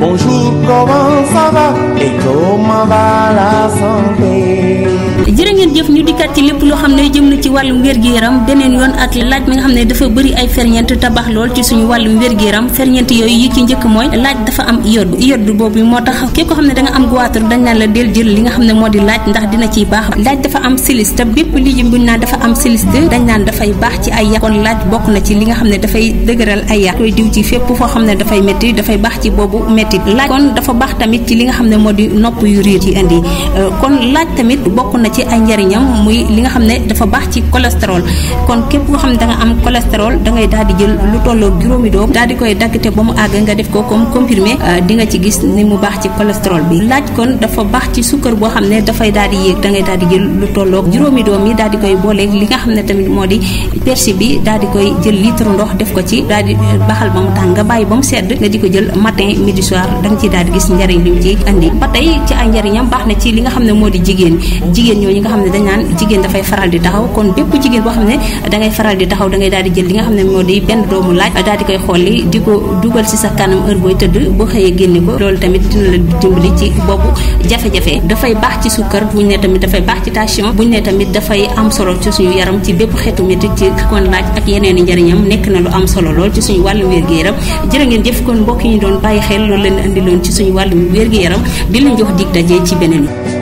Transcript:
Bonjour, comment ça va et comment va la santé jërë ngeen jëf ñu dikkat ci lépp loo xam ne jëm na ci wàllum wér-gu-yaram beneen yoon ak laaj mi nga xam ne dafa bëri ay ferñeent tabax lool ci suñu wàllum wér-gu-yaram ferñeent yooyu yi ci njëkk mooy laaj dafa am iode tax képp ko xam ne da am goitre dañ naan la del jël xam ne moo di laaj ndax dina ciy baax laaj dafa am silice te bépp lijum buñ naa dafa am silice dañ naan dafay baax ci ay yàq kon laaj bokk na ci li nga xam ne dafay dëgëral ay yàq koy diw ci fépp foo xam ne dafay métti dafay baax ci boobu métti laaj kon dafa baax tamit ci li nga xam ne moo di nopp yu riir ci indi ci ay njariñam muy li nga xam ne dafa baax ci cholestérol kon képp koo xam ne da nga am cholestérol da ngay daal di jël lu tolloo juróomi doom daal di koy daggate ba mu àgg nga def ko comme comprimé euh, di nga ci gis ni mu baax ci cholestérol bi laaj kon dafa baax ci sukkar boo xam ne dafay daal di yéeg da ngay daal di jël lu tolloo juróomi doom yi daal di koy booleeg li nga xam ne tamit moo di persil bi daal di koy jël litre ndox def ko ci daal di euh, baxal ba mu tàng nga bàyyi ba mu sedd nga di ko jël matin midi soir da nga ciy daal di gis njariñ li mu ci andi ba tey ci ay njariñam baax na ci li nga xam ne moo di jigéen jigéen ñooñu nga xam ne dañ naan jigéen dafay faral di taxaw kon bépp jigéen boo xam ne dangay faral di taxaw dangay daal di jël li nga xam ne moo di benn doomu laaj daal di koy xolli di ko dugal ci sa kanam heure booy tëdd boo xëyee génne ko loolu tamit dina la dimbali ci boobu jafe dafay baax ci sukkar buñ ne tamit dafay baax ci tension buñ ne tamit dafay am solo ci suñu yaram ci bépp xeetu métti ci kon laaj ak yeneen i njëriñam nekk na lu am solo lool ci suñu wàllu wér gi yaram jërë ngeen jëf kon mbokk yi ñu doon bàyyi xel loolu leen andi loon ci suñu wàllu wér gi yaram di leen jox dig daje ci beneen